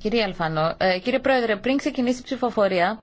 Κύριε Αλφανό, ε, κύριε Πρόεδρε, πριν ξεκινήσει η ψηφοφορία,